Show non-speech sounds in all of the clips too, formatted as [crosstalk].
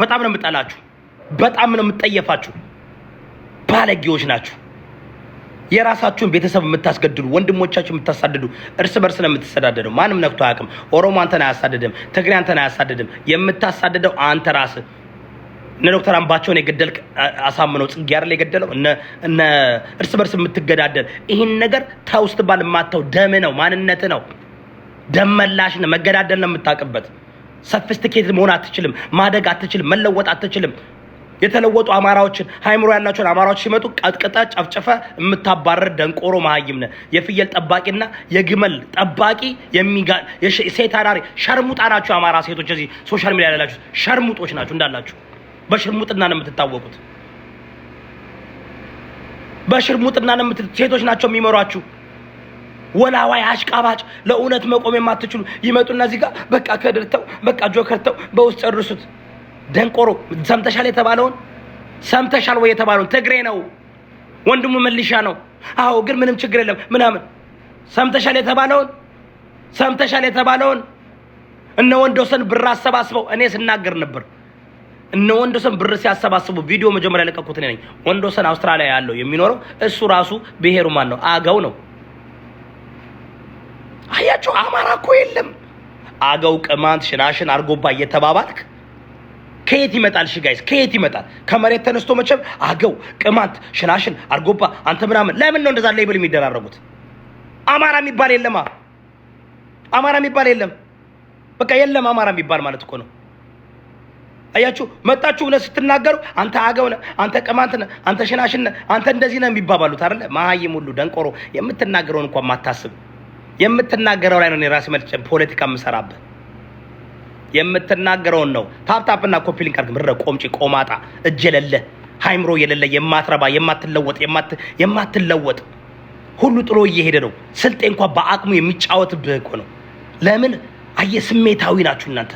በጣም ነው የምጠላችሁ፣ በጣም ነው የምጠየፋችሁ። ባለጌዎች ናችሁ። የራሳችሁን ቤተሰብ የምታስገድሉ፣ ወንድሞቻችሁ የምታሳድዱ፣ እርስ በርስ ነው የምትሰዳደደው። ማንም ነክቶ አያውቅም። ኦሮሞ አንተን አያሳድድም፣ ትግሬ አንተን አያሳድድም። የምታሳደደው አንተ ራስ። እነ ዶክተር አምባቸውን የገደልክ አሳምነው ጽጌ አይደል የገደለው? እነ እርስ በርስ የምትገዳደል ይህን ነገር ተውስት ባል የማታው ደም ነው ማንነት ነው። ደመላሽ ነው። መገዳደል ነው የምታውቅበት። ሰፊስቲኬትድ መሆን አትችልም፣ ማደግ አትችልም፣ መለወጥ አትችልም። የተለወጡ አማራዎችን ሃይምሮ ያላቸውን አማራዎች ሲመጡ ቀጥቅጠ ጨፍጨፈ የምታባረር ደንቆሮ መሀይም ነ የፍየል ጠባቂና የግመል ጠባቂ ሴት ሸርሙጣ ናቸው። አማራ ሴቶች እዚህ ሶሻል ሚዲያ ያላችሁ ሸርሙጦች ናቸው። እንዳላችሁ በሽርሙጥና ነው የምትታወቁት። በሽርሙጥና ነው ሴቶች ናቸው የሚመሯችሁ። ወላዋይ አሽቃባጭ፣ ለእውነት መቆም የማትችሉ ይመጡና እዚህ ጋር በቃ ከድርተው በቃ ጆከርተው በውስጥ ጨርሱት። ደንቆሮ ሰምተሻል የተባለውን ሰምተሻል ወይ የተባለውን ትግሬ ነው ወንድሙ መልሻ ነው። አዎ ግን ምንም ችግር የለም ምናምን ሰምተሻል የተባለውን ሰምተሻል የተባለውን እነ ወንዶሰን ብር አሰባስበው እኔ ስናገር ነበር። እነ ወንዶሰን ብር ሲያሰባስቡ ቪዲዮ መጀመሪያ ለቀኩት እኔ ነኝ። ወንዶሰን አውስትራሊያ ያለው የሚኖረው እሱ ራሱ ብሔሩ ማን ነው? አገው ነው። አያችሁ፣ አማራ እኮ የለም። አገው፣ ቅማንት፣ ሽናሽን፣ አርጎባ እየተባባልክ ከየት ይመጣል? እሺ ጋይስ ከየት ይመጣል? ከመሬት ተነስቶ መቼም አገው፣ ቅማንት፣ ሽናሽን፣ አርጎባ አንተ ምናምን ለምን ነው እንደዛ ሌብል የሚደራረጉት? አማራ የሚባል የለም። አማራ የሚባል የለም። በቃ የለም አማራ የሚባል ማለት እኮ ነው። አያችሁ መጣችሁ ብለህ ስትናገሩ አንተ አገው ነህ፣ አንተ ቅማንት ነህ፣ አንተ ሽናሽን ነህ፣ አንተ እንደዚህ ነህ የሚባባሉት አይደለ? መሀይም ሁሉ ደንቆሮ የምትናገረውን እንኳን ማታስብ የምትናገረው ላይ ነው እኔ ራሴ መልጬ ፖለቲካ የምሰራበት የምትናገረውን ነው። ታፕታፕና ኮፒ ሊንክ አድርግ። ምረ ቆምጪ፣ ቆማጣ፣ እጅ የሌለ ሃይምሮ የሌለ የማትረባ የማትለወጥ የማትለወጥ ሁሉ ጥሎ እየሄደ ነው። ስልጤ እንኳ በአቅሙ የሚጫወትብህ እኮ ነው። ለምን አየ ስሜታዊ ናችሁ እናንተ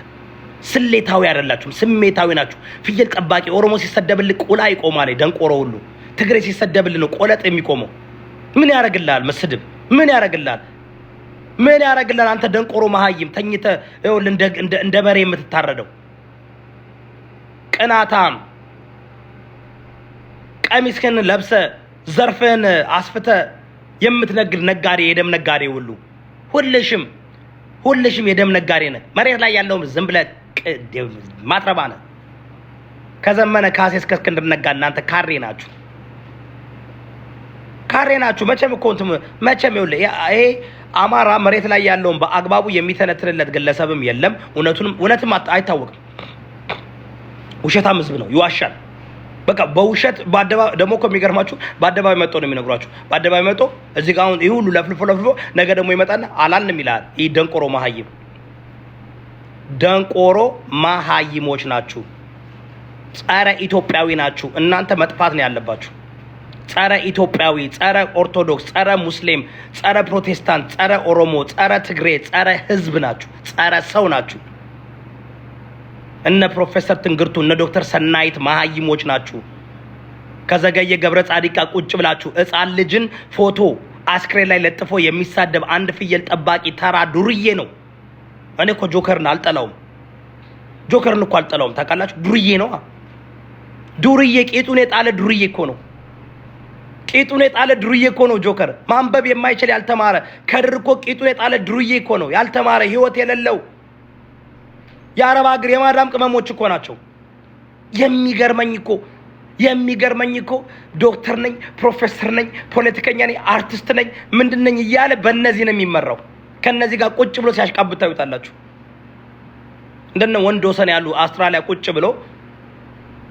ስሌታዊ አይደላችሁም፣ ስሜታዊ ናችሁ። ፍየል ጠባቂ ኦሮሞ ሲሰደብልህ ቁላ ይቆማል፣ ደንቆሮ ሁሉ። ትግሬ ሲሰደብልህ ነው ቆለጥ የሚቆመው። ምን ያደርግልሃል? መስድብ ምን ያደርግልሃል? ምን ያደርግልናል? አንተ ደንቆሮ መሀይም ተኝተ ይኸውልህ እንደ በሬ የምትታረደው ቅናታም፣ ቀሚስህን ለብሰ ዘርፍህን አስፍተ የምትነግድ ነጋዴ፣ የደም ነጋዴ ሁሉ ሁልሽም ሁልሽም የደም ነጋዴ ነህ። መሬት ላይ ያለውም ዝም ብለህ ማትረባ ነህ። ከዘመነ ካሴ እስከ እስክንድር ነጋ እናንተ ካሬ ናችሁ። ካሬ ናችሁ። መቼም እኮ እንትም መቼም ይኸውልህ ይሄ አማራ መሬት ላይ ያለውን በአግባቡ የሚተነትንለት ግለሰብም የለም። እውነቱንም እውነትም አይታወቅም። ውሸታም ህዝብ ነው፣ ይዋሻል። በቃ በውሸት በአደባባይ ደግሞ እኮ የሚገርማችሁ በአደባባይ መጥቶ ነው የሚነግሯችሁ። በአደባባይ መጥቶ እዚህ ጋር አሁን ይህ ሁሉ ለፍልፎ ለፍልፎ ነገ ደግሞ ይመጣል አላልንም ይላል። ይህ ደንቆሮ መሀይም ደንቆሮ መሀይሞች ናችሁ። ጸረ ኢትዮጵያዊ ናችሁ። እናንተ መጥፋት ነው ያለባችሁ። ጸረ ኢትዮጵያዊ፣ ጸረ ኦርቶዶክስ፣ ጸረ ሙስሊም፣ ጸረ ፕሮቴስታንት፣ ጸረ ኦሮሞ፣ ጸረ ትግሬ፣ ጸረ ህዝብ ናችሁ፣ ጸረ ሰው ናችሁ። እነ ፕሮፌሰር ትንግርቱ እነ ዶክተር ሰናይት መሀይሞች ናችሁ። ከዘገየ ገብረ ጻዲቃ ቁጭ ብላችሁ ህፃን ልጅን ፎቶ አስክሬን ላይ ለጥፎ የሚሳደብ አንድ ፍየል ጠባቂ ተራ ዱርዬ ነው። እኔ እኮ ጆከርን አልጠላውም። ጆከርን እኮ አልጠላውም። ታውቃላችሁ፣ ዱርዬ ነው። ዱርዬ ቄጡን የጣለ ዱርዬ እኮ ነው። ቂጡን የጣለ ድሩዬ እኮ ነው ጆከር። ማንበብ የማይችል ያልተማረ ከድር እኮ ቂጡን የጣለ ድሩዬ እኮ ነው። ያልተማረ ህይወት የሌለው የአረብ ሀገር የማዳም ቅመሞች እኮ ናቸው። የሚገርመኝ እኮ የሚገርመኝ እኮ ዶክተር ነኝ፣ ፕሮፌሰር ነኝ፣ ፖለቲከኛ ነኝ፣ አርቲስት ነኝ፣ ምንድን ነኝ እያለ በእነዚህ ነው የሚመራው። ከእነዚህ ጋር ቁጭ ብሎ ሲያሽቃብት ታዩታላችሁ። እንደነ ወንድ ወሰን ያሉ አውስትራሊያ ቁጭ ብሎ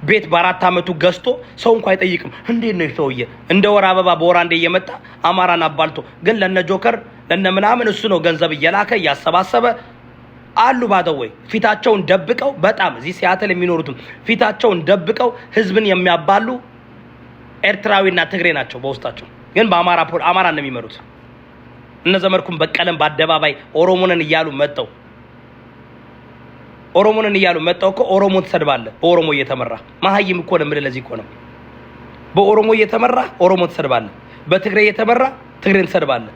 ቤት በአራት ዓመቱ ገዝቶ ሰው እንኳ አይጠይቅም። እንዴት ነው ሰውየ እንደ ወር አበባ በወር አንዴ እየመጣ አማራን አባልቶ ግን ለነ ጆከር ለነ ምናምን እሱ ነው ገንዘብ እየላከ እያሰባሰበ አሉ ባደወይ ፊታቸውን ደብቀው በጣም እዚህ ሲያትል የሚኖሩትም ፊታቸውን ደብቀው ህዝብን የሚያባሉ ኤርትራዊና ትግሬ ናቸው። በውስጣቸው ግን በአማራ አማራ ነው የሚመሩት። እነ ዘመድኩን በቀለም በአደባባይ ኦሮሞንን እያሉ መጠው ኦሮሞንን እያሉ መጣው እኮ ኦሮሞን ትሰድባለህ። በኦሮሞ እየተመራ መሀይም እኮ ነው የምልህ። ለዚህ እኮ ነው በኦሮሞ እየተመራ ኦሮሞ ትሰድባለህ፣ በትግሬ እየተመራ ትግሬን ትሰድባለህ።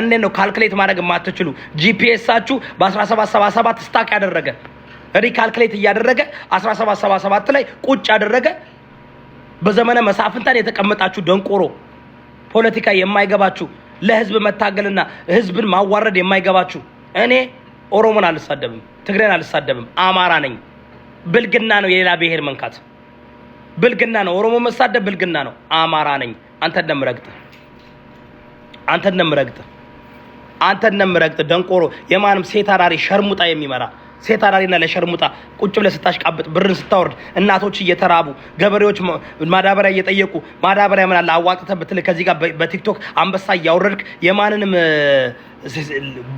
እንዴት ነው ካልክሌት ማድረግ የማትችሉ? ጂፒኤሳችሁ በ1777 ስታክ ያደረገ ሪካልክሌት እያደረገ 1777 ላይ ቁጭ ያደረገ በዘመነ መሳፍንታን የተቀመጣችሁ ደንቆሮ ፖለቲካ የማይገባችሁ ለህዝብ መታገልና ህዝብን ማዋረድ የማይገባችሁ እኔ ኦሮሞን አልሳደብም፣ ትግሬን አልሳደብም፣ አማራ ነኝ። ብልግና ነው የሌላ ብሔር መንካት፣ ብልግና ነው ኦሮሞ መሳደብ፣ ብልግና ነው። አማራ ነኝ። አንተ እንደምረግጥ አንተ እንደምረግጥ አንተ እንደምረግጥ ደንቆሮ፣ የማንም ሴት አራሪ ሸርሙጣ የሚመራ ሴት አዳሪና ለሸርሙጣ ቁጭ ብለህ ስታሽቃብጥ ብርን ስታወርድ እናቶች እየተራቡ ገበሬዎች ማዳበሪያ እየጠየቁ ማዳበሪያ ምናለ አዋጥተህ ብትልህ ከዚህ ጋር በቲክቶክ አንበሳ እያወረድክ የማንንም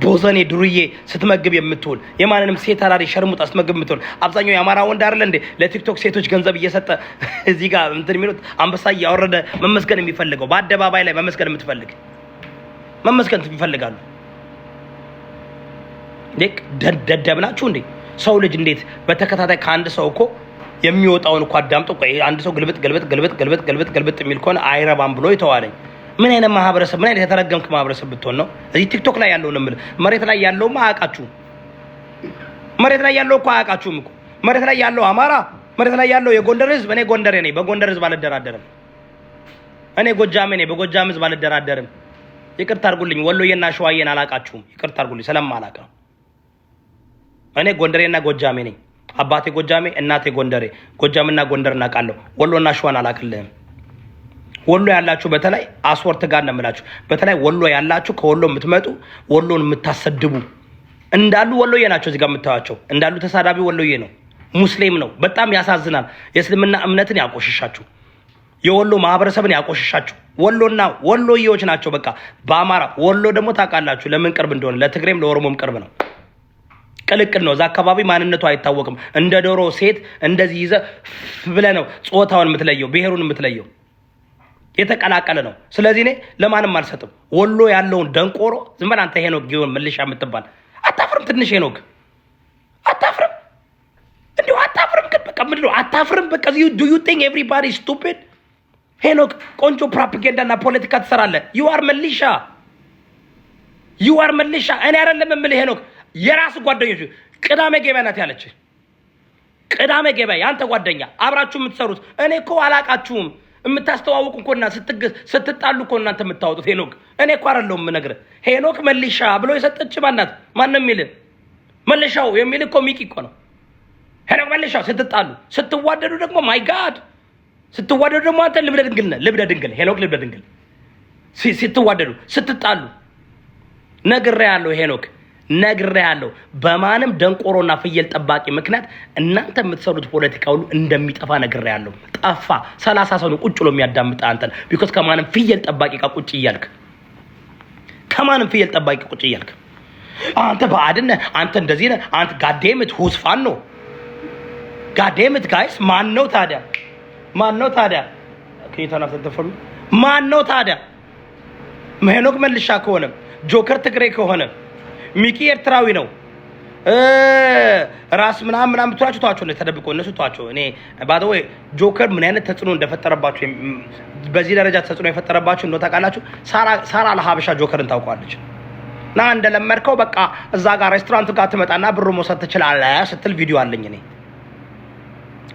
ቦዘኔ ዱርዬ ስትመግብ የምትውል የማንንም ሴት አራሪ ሸርሙጣ ስትመግብ የምትውል አብዛኛው የአማራ ወንድ አይደለ እንዴ ለቲክቶክ ሴቶች ገንዘብ እየሰጠ [laughs] እዚህ ጋር እንትን የሚሉት አንበሳ እያወረደ መመስገን የሚፈልገው በአደባባይ ላይ መመስገን የምትፈልግ መመስገን ይፈልጋሉ። ደደብ ናችሁ እንዴ? ሰው ልጅ እንዴት በተከታታይ ከአንድ ሰው እኮ የሚወጣውን እኮ አዳምጦ አንድ ሰው ግልብጥ ግልብጥ ግልብጥ ግልብጥ ግልብጥ ግልብጥ የሚል ከሆነ አይረባም ብሎ ይተዋለኝ። ምን አይነት ማህበረሰብ ምን አይነት የተረገምክ ማህበረሰብ ብትሆን ነው? እዚህ ቲክቶክ ላይ ያለው ነው መሬት ላይ ያለውም አያውቃችሁም። መሬት ላይ ያለው እኮ አያውቃችሁም እኮ። መሬት ላይ ያለው አማራ፣ መሬት ላይ ያለው የጎንደር ህዝብ። እኔ ጎንደሬ ነኝ፣ በጎንደር ህዝብ አልደራደርም። እኔ ጎጃሜ ነኝ፣ በጎጃም ህዝብ አልደራደርም። ይቅርታ አድርጉልኝ፣ ወሎዬና ሸዋዬን አላውቃችሁም። ይቅርታ አድርጉልኝ፣ ስለማላውቅ ነው። እኔ ጎንደሬና ጎጃሜ ነኝ። አባቴ ጎጃሜ፣ እናቴ ጎንደሬ። ጎጃምና ጎንደር እናውቃለሁ። ወሎና ሸዋን አላውቅልህም። ወሎ ያላችሁ በተለይ አስወርት ጋር ነው የምላችሁ። በተለይ ወሎ ያላችሁ ከወሎ የምትመጡ ወሎን የምታሰድቡ እንዳሉ ወሎዬ ናቸው። እዚህ ጋር የምታዩቸው እንዳሉ ተሳዳቢ ወሎዬ ነው፣ ሙስሊም ነው። በጣም ያሳዝናል። የእስልምና እምነትን ያቆሽሻችሁ፣ የወሎ ማህበረሰብን ያቆሽሻችሁ ወሎና ወሎዬዎች ናቸው። በቃ በአማራ ወሎ ደግሞ ታውቃላችሁ ለምን ቅርብ እንደሆነ ለትግሬም ለኦሮሞም ቅርብ ነው። ቅልቅል ነው። እዛ አካባቢ ማንነቱ አይታወቅም። እንደ ዶሮ ሴት እንደዚህ ይዘ ብለ ነው ጾታውን የምትለየው ብሔሩን የምትለየው የተቀላቀለ ነው። ስለዚህ እኔ ለማንም አልሰጥም። ወሎ ያለውን ደንቆሮ ዝም በል አንተ ሄኖክ ጊዮን መልሻ የምትባል አታፍርም? ትንሽ ሄኖክ አታፍርም? እንዲሁ አታፍርም? ግን በቃ ምንድን ነው አታፍርም? በቃ ዱ ዩ ቲንክ ኤቭሪባዲ ስቱፒድ ሄኖክ ቆንጆ ፕሮፓጋንዳ እና ፖለቲካ ትሰራለህ። ዩ አር መልሻ ዩ አር መልሻ። እኔ አይደለም የምልህ ሄኖክ፣ የራስ ጓደኞች ቅዳሜ ገበያ ናት ያለች ቅዳሜ ገበያ የአንተ ጓደኛ አብራችሁ የምትሰሩት እኔ እኮ አላቃችሁም የምታስተዋውቁ እኮ እና ስትጣሉ እኮ እናንተ የምታወጡት ሄኖክ። እኔ እኮ አይደለሁም የምነግርህ። ሄኖክ መልሻ ብሎ የሰጠች ማናት? ማነው የሚል መልሻው የሚል እኮ ሚቂ እኮ ነው። ሄኖክ መልሻው። ስትጣሉ ስትዋደዱ ደግሞ ማይ ጋድ፣ ስትዋደዱ ደግሞ አንተ ልብደ ድንግል ነህ። ልብደ ድንግል ሄኖክ፣ ልብደ ድንግል ስትዋደዱ ስትጣሉ ነግሬ ያለው ሄኖክ ነግሬያለሁ። በማንም ደንቆሮና ፍየል ጠባቂ ምክንያት እናንተ የምትሰሩት ፖለቲካ ሁሉ እንደሚጠፋ ነግሬያለሁ። ጠፋ። ሰላሳ ሰው ነው ቁጭ ብሎ የሚያዳምጥ አንተን። ቢኮዝ ከማንም ፍየል ጠባቂ ጋር ቁጭ እያልክ ከማንም ፍየል ጠባቂ ቁጭ እያልክ አንተ በአድነ አንተ እንደዚህ ነህ አንተ ጋዴምት ሁስፋን ነው ጋዴምት ጋይስ ማን ነው ታዲያ? ማን ነው ታዲያ? ከየታና ተተፈሉ ማን ነው ታዲያ? ሄኖክ መልሻ ከሆነ ጆከር ትግሬ ከሆነ ሚኪ ኤርትራዊ ነው ራስ ምናምን ምናምን ብትሏቸው ተዋቸው፣ ተደብቆ እነሱ ተዋቸው። እኔ ባደ ወይ ጆከር ምን አይነት ተጽዕኖ እንደፈጠረባቸው በዚህ ደረጃ ተጽዕኖ የፈጠረባቸው እንደው ታውቃላችሁ። ሳራ ለሀበሻ ጆከርን ታውቋለች። ና እንደለመድከው በቃ እዛ ጋር ሬስቶራንት ጋር ትመጣና ብሩ መውሰድ ትችላለህ ስትል ቪዲዮ አለኝ እኔ።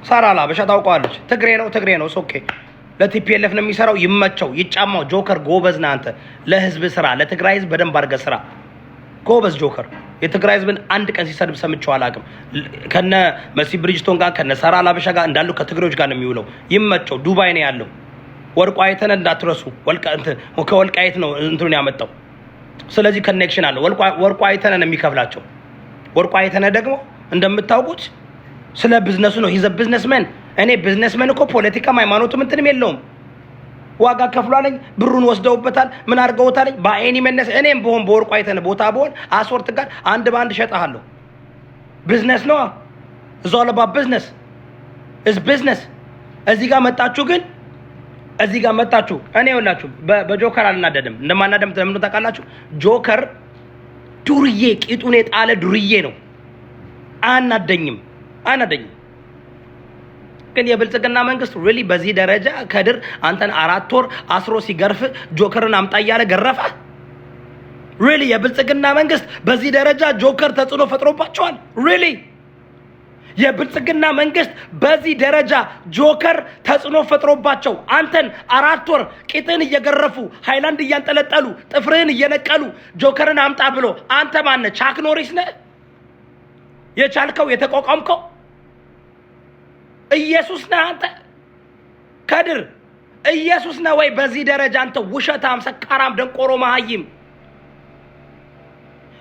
ሳራ ለሀበሻ ታውቋለች። ትግሬ ነው ትግሬ ነው ሶኬ ለቲፒኤልኤፍ ነው የሚሰራው። ይመቸው፣ ይጫማው። ጆከር ጎበዝ ነህ አንተ። ለህዝብ ስራ፣ ለትግራይ ህዝብ በደንብ አድርገህ ስራ። ጎበዝ ጆከር የትግራይ ህዝብን አንድ ቀን ሲሰድብ ሰምቼው አላውቅም። ከነ መሲ ብሪጅቶን ጋር ከነ ሰራ ላበሻ ጋር እንዳሉ ከትግሬዎች ጋር ነው የሚውለው። ይመቸው። ዱባይ ነው ያለው። አይተነ እንዳትረሱ። ከወልቃይት ነው እንትኑን ያመጣው። ስለዚህ ኮኔክሽን አለው። አይተነ ነው የሚከፍላቸው። አይተነ ደግሞ እንደምታውቁት ስለ ቢዝነሱ ነው። ሂዘ ቢዝነስመን። እኔ ቢዝነስመን እኮ ፖለቲካም ሃይማኖትም እንትንም የለውም። ዋጋ ከፍሏለኝ። ብሩን ወስደውበታል። ምን አድርገውታለኝ? በአይኒ መነስ እኔም በሆን በወርቁ አይተን ቦታ በሆን አስወርት ጋር አንድ በአንድ እሸጥሃለሁ። ብዝነስ ነው እዛ ለባ ብዝነስ እዝ ብዝነስ እዚህ ጋር መጣችሁ ግን እዚህ ጋር መጣችሁ። እኔ ይኸውላችሁ በጆከር አልናደድም። እንደማናደም ለምን ታውቃላችሁ? ጆከር ዱርዬ ቂጡን የጣለ ዱርዬ ነው። አናደኝም አናደኝም ግን የብልጽግና መንግስት ሪሊ በዚህ ደረጃ ከድር አንተን አራት ወር አስሮ ሲገርፍ ጆከርን አምጣ እያለ ገረፈ። ሪሊ የብልጽግና መንግስት በዚህ ደረጃ ጆከር ተጽዕኖ ፈጥሮባቸዋል። ሪሊ የብልጽግና መንግስት በዚህ ደረጃ ጆከር ተጽዕኖ ፈጥሮባቸው አንተን አራት ወር ቂጥን እየገረፉ ሃይላንድ እያንጠለጠሉ ጥፍርህን እየነቀሉ ጆከርን አምጣ ብሎ አንተ ማነ ቻክ ኖሪስ ነህ? የቻልከው የተቋቋምከው ኢየሱስ ነህ አንተ ከድር ኢየሱስ ነህ ወይ? በዚህ ደረጃ አንተ ውሸታም፣ ሰካራም፣ ደንቆሮ፣ መሀይም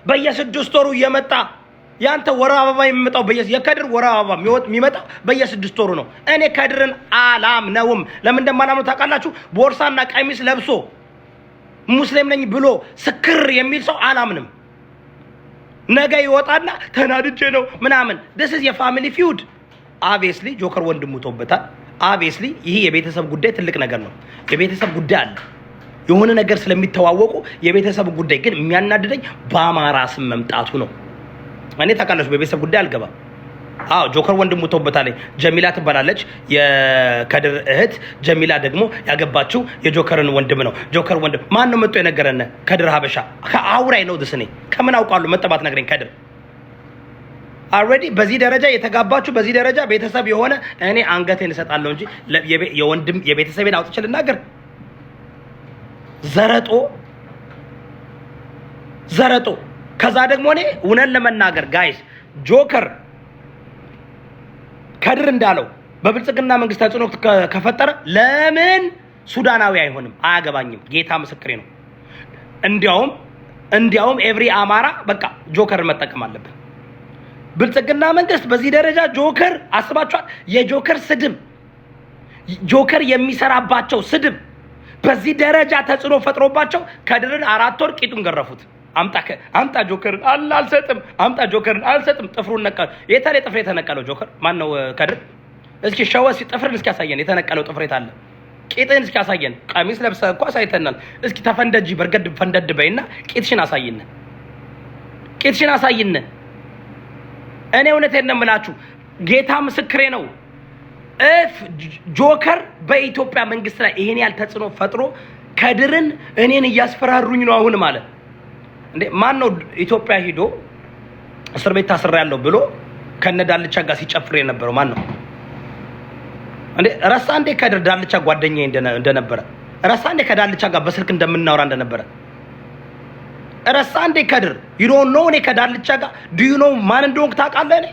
በየስድስት ወሩ እየመጣ ያንተ ወር አበባ የሚመጣው የከድር ወር አበባ የሚመጣው በየስድስት ወሩ ነው። እኔ ከድርን አላም ነውም ለምን እንደማላምነው ታውቃላችሁ? ቦርሳና ቀሚስ ለብሶ ሙስሊም ነኝ ብሎ ስክር የሚል ሰው አላምንም። ነገ ይወጣና ተናድጄ ነው ምናምን ዲስ ኢዝ የፋሚሊ ፊውድ አቤስሊ ጆከር ወንድሙ ተውበታል። አቤስሊ ይህ የቤተሰብ ጉዳይ ትልቅ ነገር ነው። የቤተሰብ ጉዳይ አለ። የሆነ ነገር ስለሚተዋወቁ የቤተሰብ ጉዳይ ግን የሚያናድደኝ በአማራ ስም መምጣቱ ነው። እኔ ታውቃለች፣ በቤተሰብ ጉዳይ አልገባም። አዎ ጆከር ወንድሙ ተውበታለች። ጀሚላ ትባላለች፣ የከድር እህት። ጀሚላ ደግሞ ያገባችው የጆከርን ወንድም ነው። ጆከር ወንድም ማን ነው መጥቶ የነገረን? ከድር ሀበሻ አውራይ ነው። ድስኔ ከምን አውቃሉ? መጠባት ነግረኝ ከድር አልሬዲ በዚህ ደረጃ የተጋባችሁ በዚህ ደረጃ ቤተሰብ የሆነ እኔ አንገቴን እሰጣለሁ እንጂ የወንድም የቤተሰብን አውጥቼ ልናገር ዘረጦ ዘረጦ። ከዛ ደግሞ እኔ እውነን ለመናገር ጋይስ ጆከር ከድር እንዳለው በብልጽግና መንግስት ተጽዕኖ ከፈጠረ ለምን ሱዳናዊ አይሆንም? አያገባኝም። ጌታ ምስክሬ ነው። እንዲያውም እንዲያውም ኤቭሪ አማራ በቃ ጆከርን መጠቀም አለብን። ብልጽግና መንግስት በዚህ ደረጃ ጆከር አስባችኋል? የጆከር ስድብ ጆከር የሚሰራባቸው ስድብ በዚህ ደረጃ ተጽዕኖ ፈጥሮባቸው ከድርን አራት ወር ቂጡን ገረፉት። አምጣ አምጣ ጆከርን አልሰጥም፣ አምጣ ጆከርን አልሰጥም። ጥፍሩን ነቀ። የታለ ጥፍር የተነቀለው ጆከር ማን ነው? ከድር እስኪ ሸወስ ጥፍርን እስኪ ያሳየን። የተነቀለው ጥፍር አለ? ቂጥን እስኪ ያሳየን። ቀሚስ ለብሰ እኳ አሳይተናል። እስኪ ተፈንደጂ፣ በርገድ ፈንደድ በይና ቂጥሽን አሳይን፣ ቂጥሽን አሳይን። እኔ እውነቴን ነው የምላችሁ፣ ጌታ ምስክሬ ነው። እፍ ጆከር በኢትዮጵያ መንግስት ላይ ይሄን ያህል ተጽዕኖ ፈጥሮ ከድርን እኔን እያስፈራሩኝ ነው አሁን ማለት እንዴ! ማን ነው ኢትዮጵያ ሂዶ እስር ቤት ያለው ብሎ ከነ ዳልቻ ጋር ሲጨፍር የነበረው ማን ነው እንዴ? ረሳ እንዴ? ከድር ዳልቻ ጓደኛ እንደነበረ ረሳ እንዴ? ከዳልቻ ጋር በስልክ እንደምናወራ እንደነበረ ረሳ እንዴ ከድር ይሮ ኖ እኔ ከዳልቻ ጋር ዱዩ ኖ ማን እንደሆንክ ታውቃለህ? እኔ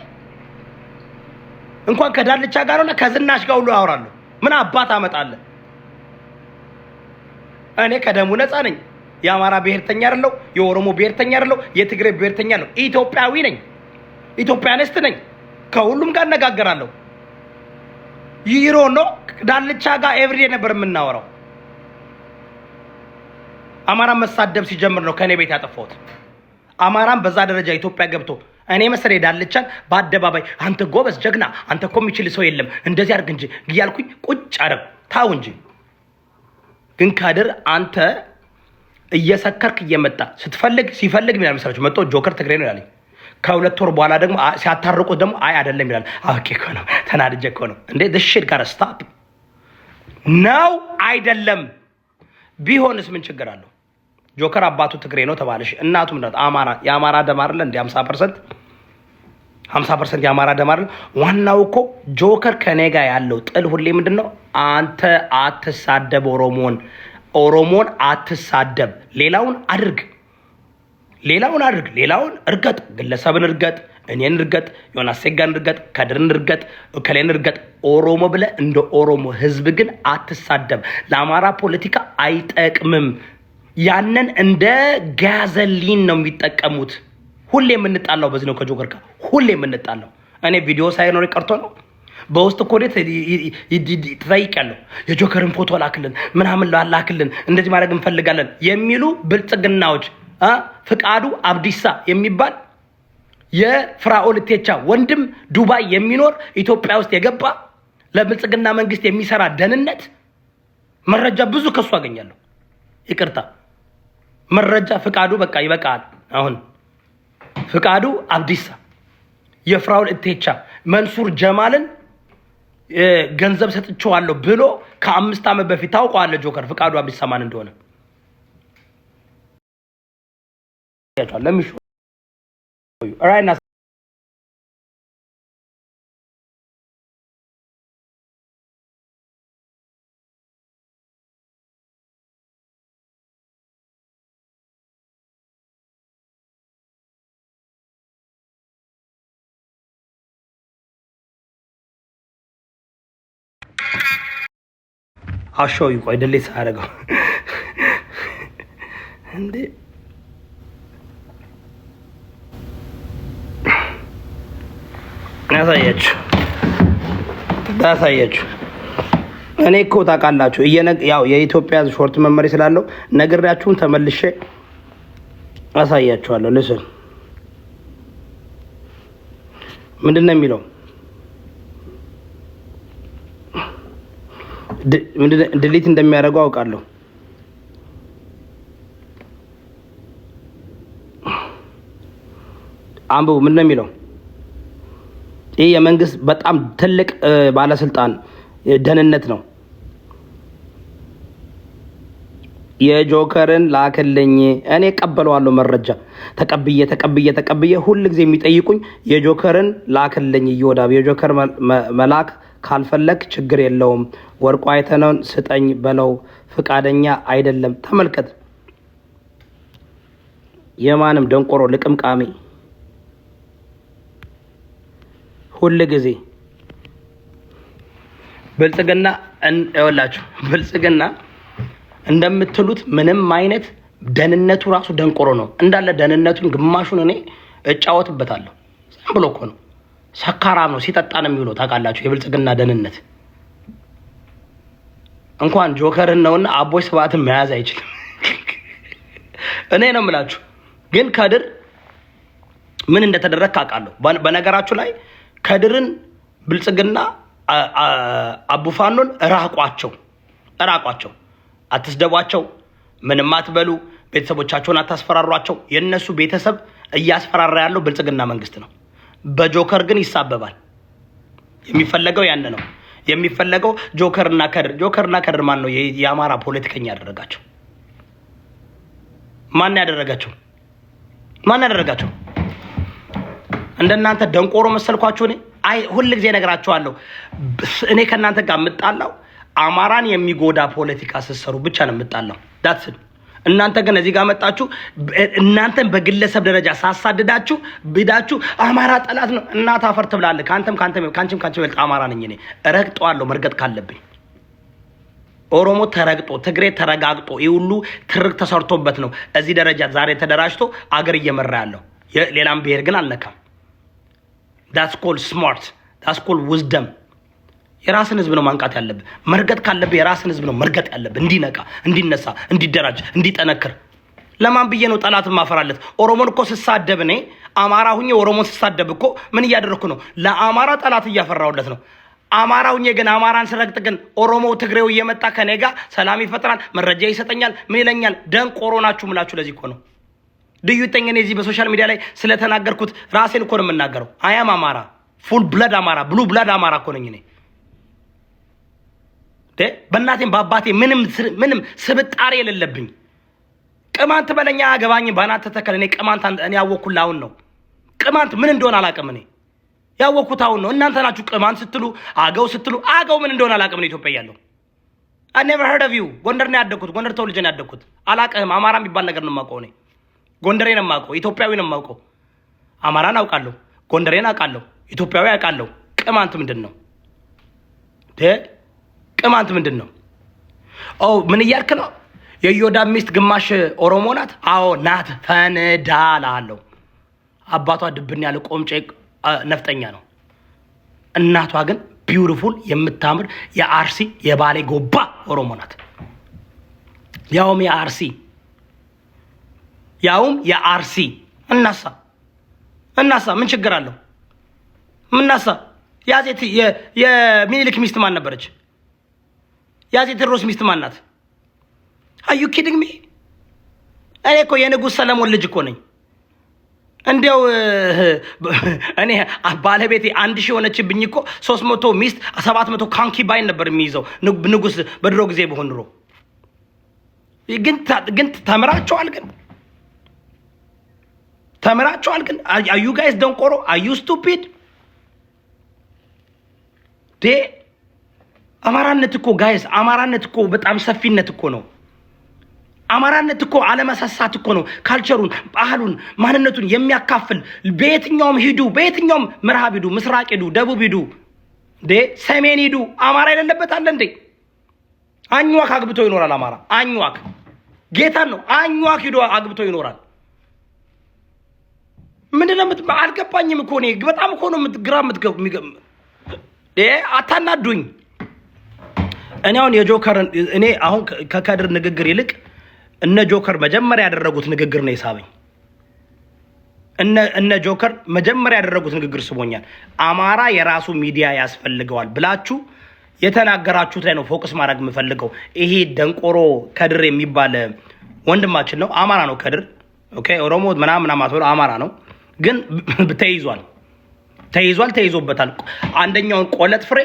እንኳን ከዳልቻ ጋር ነውና ከዝናሽ ጋር ሁሉ ያወራለሁ። ምን አባት አመጣለህ? እኔ ከደሙ ነፃ ነኝ። የአማራ ብሔርተኛ አይደለሁ፣ የኦሮሞ ብሔርተኛ አይደለሁ፣ የትግሬ ብሔርተኛ አይደለሁ። ኢትዮጵያዊ ነኝ፣ ኢትዮጵያንስት ነኝ። ከሁሉም ጋር እነጋገራለሁ። ይሮ ነው ዳልቻ ጋር ኤቭሪዴ ነበር የምናወራው። አማራን መሳደብ ሲጀምር ነው ከእኔ ቤት ያጠፋሁት። አማራን በዛ ደረጃ ኢትዮጵያ ገብቶ እኔ መሰለኝ ዳልቻን በአደባባይ አንተ ጎበዝ ጀግና፣ አንተ እኮ የሚችል ሰው የለም እንደዚህ አድርግ እንጂ እያልኩኝ ቁጭ አደረግ ታው እንጂ። ግን ካድር አንተ እየሰከርክ እየመጣ ስትፈልግ ሲፈልግ ሚላል መሰላችሁ መጦ ጆከር ትግሬ ነው ያለኝ። ከሁለት ወር በኋላ ደግሞ ሲያታርቁት ደግሞ አይ አይደለም ይላል። አውቄ እኮ ነው ተናድጄ እኮ ነው እንዴ ደሽድ ጋር ስታፕ ነው አይደለም። ቢሆንስ ምን ችግር አለው? ጆከር አባቱ ትግሬ ነው ተባለሽ፣ እናቱም ነው አማራ። የአማራ ደም አይደለ እንደ ሀምሳ ፐርሰንት ሀምሳ ፐርሰንት የአማራ ደም አይደለ። ዋናው እኮ ጆከር ከኔ ጋር ያለው ጥል ሁሌ ምንድን ነው? አንተ አትሳደብ፣ ኦሮሞን ኦሮሞን አትሳደብ፣ ሌላውን አድርግ፣ ሌላውን አድርግ፣ ሌላውን እርገጥ፣ ግለሰብን እርገጥ፣ እኔን እርገጥ፣ ዮናስ ሴጋን እርገጥ፣ ከድርን እርገጥ፣ ከሌን እርገጥ፣ ኦሮሞ ብለህ እንደ ኦሮሞ ህዝብ ግን አትሳደብ። ለአማራ ፖለቲካ አይጠቅምም። ያንን እንደ ጋዘሊን ነው የሚጠቀሙት። ሁሌ የምንጣላው በዚህ ነው ከጆከር ጋር ሁሌ የምንጣላው። እኔ ቪዲዮ ሳይኖር ቀርቶ ነው በውስጥ እኮ እኔ የጆከርን ፎቶ ላክልን ምናምን ላክልን፣ እንደዚህ ማድረግ እንፈልጋለን የሚሉ ብልጽግናዎች ፍቃዱ አብዲሳ የሚባል የፍራኦል ቴቻ ወንድም ዱባይ የሚኖር ኢትዮጵያ ውስጥ የገባ ለብልጽግና መንግስት የሚሰራ ደህንነት መረጃ ብዙ ከሱ አገኛለሁ። ይቅርታ መረጃ ፍቃዱ በቃ ይበቃል። አሁን ፍቃዱ አብዲሳ የፍራውል እቴቻ መንሱር ጀማልን ገንዘብ ሰጥቼዋለሁ ብሎ ከአምስት ዓመት በፊት ታውቀዋለህ ጆከር ፍቃዱ አብዲሳ ማን እንደሆነ ራይና አሻው ቆይ ደሌት ሳያደርገው እንዴ ያሳያችሁ ያሳያችሁ። እኔ እኮ ታውቃላችሁ ያው የኢትዮጵያ ሾርት መመሪ ስላለው ነግሬያችሁን ተመልሼ አሳያችኋለሁ። ልስን ምንድን ነው የሚለው ድሊት እንደሚያደርገው አውቃለሁ። አንብቡ። ምን ነው የሚለው? ይህ የመንግስት በጣም ትልቅ ባለስልጣን ደህንነት ነው። የጆከርን ላክልኝ እኔ ቀበለዋለሁ። መረጃ ተቀብዬ ተቀብዬ ተቀብዬ ሁል ጊዜ የሚጠይቁኝ የጆከርን ላክልኝ እየወዳብ የጆከር መላክ ካልፈለግ ችግር የለውም ወርቁ አይተነውን ስጠኝ በለው ፍቃደኛ አይደለም። ተመልከት፣ የማንም ደንቆሮ ልቅምቃሚ ሁል ጊዜ ብልጽግና እወላችሁ ብልጽግና እንደምትሉት ምንም አይነት ደህንነቱ ራሱ ደንቆሮ ነው እንዳለ ደህንነቱን ግማሹን እኔ እጫወትበታለሁ። ዝም ብሎ እኮ ነው፣ ሰካራም ነው፣ ሲጠጣ ነው የሚውለው። ታውቃላችሁ፣ የብልጽግና ደህንነት እንኳን ጆከርን ነውና አቦይ ስብዓትን መያዝ አይችልም። [laughs] እኔ ነው የምላችሁ። ግን ከድር ምን እንደተደረግ አውቃለሁ። በነገራችሁ ላይ ከድርን ብልጽግና አቡፋኖን እራቋቸው፣ እራቋቸው። አትስደቧቸው፣ ምንም አትበሉ፣ ቤተሰቦቻቸውን አታስፈራሯቸው። የእነሱ ቤተሰብ እያስፈራራ ያለው ብልጽግና መንግስት ነው። በጆከር ግን ይሳበባል። የሚፈለገው ያን ነው የሚፈለገው። ጆከርና ከድር ጆከርና ከድር ማን ነው የአማራ ፖለቲከኛ ያደረጋቸው? ማን ያደረጋቸው? ማን ያደረጋቸው? እንደናንተ ደንቆሮ መሰልኳችሁ? እኔ አይ ሁልጊዜ እነግራችኋለሁ፣ እኔ ከእናንተ ጋር የምጣላው አማራን የሚጎዳ ፖለቲካ ስትሰሩ ብቻ ነው የምጣለው። ዳትስ እናንተ ግን እዚህ ጋር መጣችሁ። እናንተን በግለሰብ ደረጃ ሳሳድዳችሁ ብዳችሁ አማራ ጠላት ነው። እናት አፈር ትብላለ። ከአንተም ከአንተም ከአንቺም ከአንቺ በልጥ አማራ ነኝ እኔ። እረግጠዋለሁ መርገጥ ካለብኝ። ኦሮሞ ተረግጦ ትግሬ ተረጋግጦ ይህ ሁሉ ትርክ ተሰርቶበት ነው እዚህ ደረጃ ዛሬ ተደራጅቶ አገር እየመራ ያለው። ሌላም ብሔር ግን አልነካም። ዳትስ ኮል ስማርት ዳትስ ኮል ውዝደም የራስን ህዝብ ነው ማንቃት ያለብህ። መርገጥ ካለብህ የራስን ህዝብ ነው መርገጥ ያለብህ፣ እንዲነቃ፣ እንዲነሳ፣ እንዲደራጅ፣ እንዲጠነክር። ለማን ብዬ ነው ጠላት ማፈራለት? ኦሮሞን እኮ ስሳደብ እኔ አማራ ሁኜ ኦሮሞን ስሳደብ እኮ ምን እያደረግኩ ነው? ለአማራ ጠላት እያፈራሁለት ነው። አማራ ሁኜ ግን አማራን ስረግጥ ግን ኦሮሞው ትግሬው እየመጣ ከኔ ጋር ሰላም ይፈጥራል፣ መረጃ ይሰጠኛል፣ ምን ይለኛል? ደንቆሮ ናችሁ ምላችሁ። ለዚህ እኮ ነው ድዩጠኝ ተኝ እዚህ በሶሻል ሚዲያ ላይ ስለተናገርኩት ራሴን እኮ ነው የምናገረው። አያም አማራ ፉል ብለድ አማራ ብሉ ብለድ አማራ እኮ ነኝ እኔ። በእናቴም በአባቴ ምንም ስብጣሬ የሌለብኝ ቅማንት በለኛ ያገባኝ በናት ተተከል እኔ ቅማንት እኔ ያወቅኩልህ አሁን ነው። ቅማንት ምን እንደሆነ አላቅም። እኔ ያወቅኩት አሁን ነው። እናንተ ናችሁ ቅማንት ስትሉ፣ አገው ስትሉ፣ አገው ምን እንደሆነ አላቅም። እኔ ኢትዮጵያ ያለው አይ ኔቨር ሄርድ ኦፍ ዩ። ጎንደር ነው ያደግኩት። ጎንደር ተው ነው ያደግኩት። አላውቅህም። አማራ የሚባል ነገር ነው የማውቀው እኔ። ጎንደሬ ነው የማውቀው። ኢትዮጵያዊ ነው የማውቀው። አማራን አውቃለሁ። ጎንደሬን አውቃለሁ። ኢትዮጵያዊ አውቃለሁ። ቅማንት ምንድን ነው? ቅማንት ምንድን ነው? ኦ ምን እያልክ ነው? የዮዳብ ሚስት ግማሽ ኦሮሞ ናት። አዎ ናት። ፈንዳ ላለው አባቷ ድብን ያለ ቆምጬ ነፍጠኛ ነው። እናቷ ግን ቢውቲፉል የምታምር የአርሲ የባሌ ጎባ ኦሮሞ ናት። ያውም የአርሲ ያውም የአርሲ እናሳ እናሳ ምን ችግር አለው? ምናሳ የሚኒልክ ሚስት ማን ነበረች? ያዜ ቴዎድሮስ ሚስት ማን ናት? አዩ ሚ? እኔ እኮ የንጉሥ ሰለሞን ልጅ እኮ ነኝ። እንዲያው [laughs] እኔ ባለቤቴ አንድ ሺህ የሆነችብኝ እኮ ሶስት መቶ ሚስት ሰባት መቶ ካንኪ ባይን ነበር የሚይዘው ንጉሥ በድሮ ጊዜ በሆን ኑሮ። ግን ተምራቸዋል ግን ተምራቸዋል ግን አዩ ጋይስ ደንቆሮ አዩ ስቱፒድ ዴ አማራነት እኮ ጋይስ፣ አማራነት እኮ በጣም ሰፊነት እኮ ነው። አማራነት እኮ አለመሳሳት እኮ ነው። ካልቸሩን፣ ባህሉን፣ ማንነቱን የሚያካፍል በየትኛውም ሂዱ፣ በየትኛውም ምዕራብ ሂዱ፣ ምስራቅ ሂዱ፣ ደቡብ ሂዱ፣ እንዴ ሰሜን ሂዱ፣ አማራ የሌለበት አለ እንዴ? አኝዋክ አግብቶ ይኖራል አማራ። አኝዋክ ጌታን ነው። አኝዋክ ሂዶ አግብቶ ይኖራል። ምንድነው አልገባኝም እኮ እኔ በጣም እኮ ነው ግራ የምትገቡ። አታናዱኝ። እኔ አሁን የጆከር እኔ አሁን ከከድር ንግግር ይልቅ እነ ጆከር መጀመሪያ ያደረጉት ንግግር ነው የሳበኝ። እነ ጆከር መጀመሪያ ያደረጉት ንግግር ስቦኛል። አማራ የራሱ ሚዲያ ያስፈልገዋል ብላችሁ የተናገራችሁት ላይ ነው ፎቅስ ማድረግ የምፈልገው። ይሄ ደንቆሮ ከድር የሚባል ወንድማችን ነው። አማራ ነው ከድር። ኦኬ ኦሮሞ ምናምን ምናምን አማራ ነው ግን ተይዟል፣ ተይዟል፣ ተይዞበታል። አንደኛውን ቆለጥ ፍሬ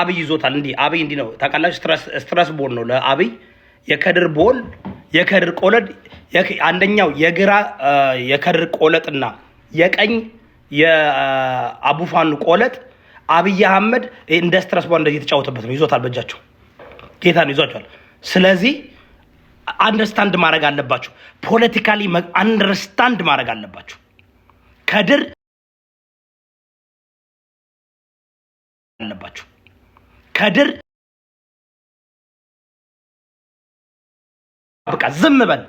አብይ ይዞታል። እንዲህ አብይ እንዲህ ነው ታውቃላችሁ። ስትረስ ቦል ነው ለአብይ የከድር ቦል የከድር ቆለድ አንደኛው የግራ የከድር ቆለጥና የቀኝ የአቡፋኑ ቆለጥ አብይ አህመድ እንደ ስትረስ ቦል እንደዚህ የተጫወተበት ነው። ይዞታል፣ በእጃቸው ጌታ ነው ይዟቸዋል። ስለዚህ አንደርስታንድ ማድረግ አለባችሁ። ፖለቲካሊ አንደርስታንድ ማድረግ አለባችሁ። ከድር አለባችሁ ከድር በቃ ዝም በል።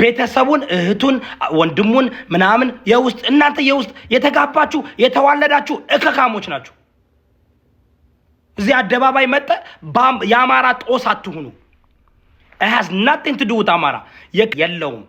ቤተሰቡን እህቱን ወንድሙን ምናምን የውስጥ እናንተ የውስጥ የተጋባችሁ የተዋለዳችሁ እከካሞች ናችሁ። እዚህ አደባባይ መጠ የአማራ ጦስ አትሁኑ። ሃዝ ናቲንግ ቱ ዱ ዊዝ አማራ የለውም።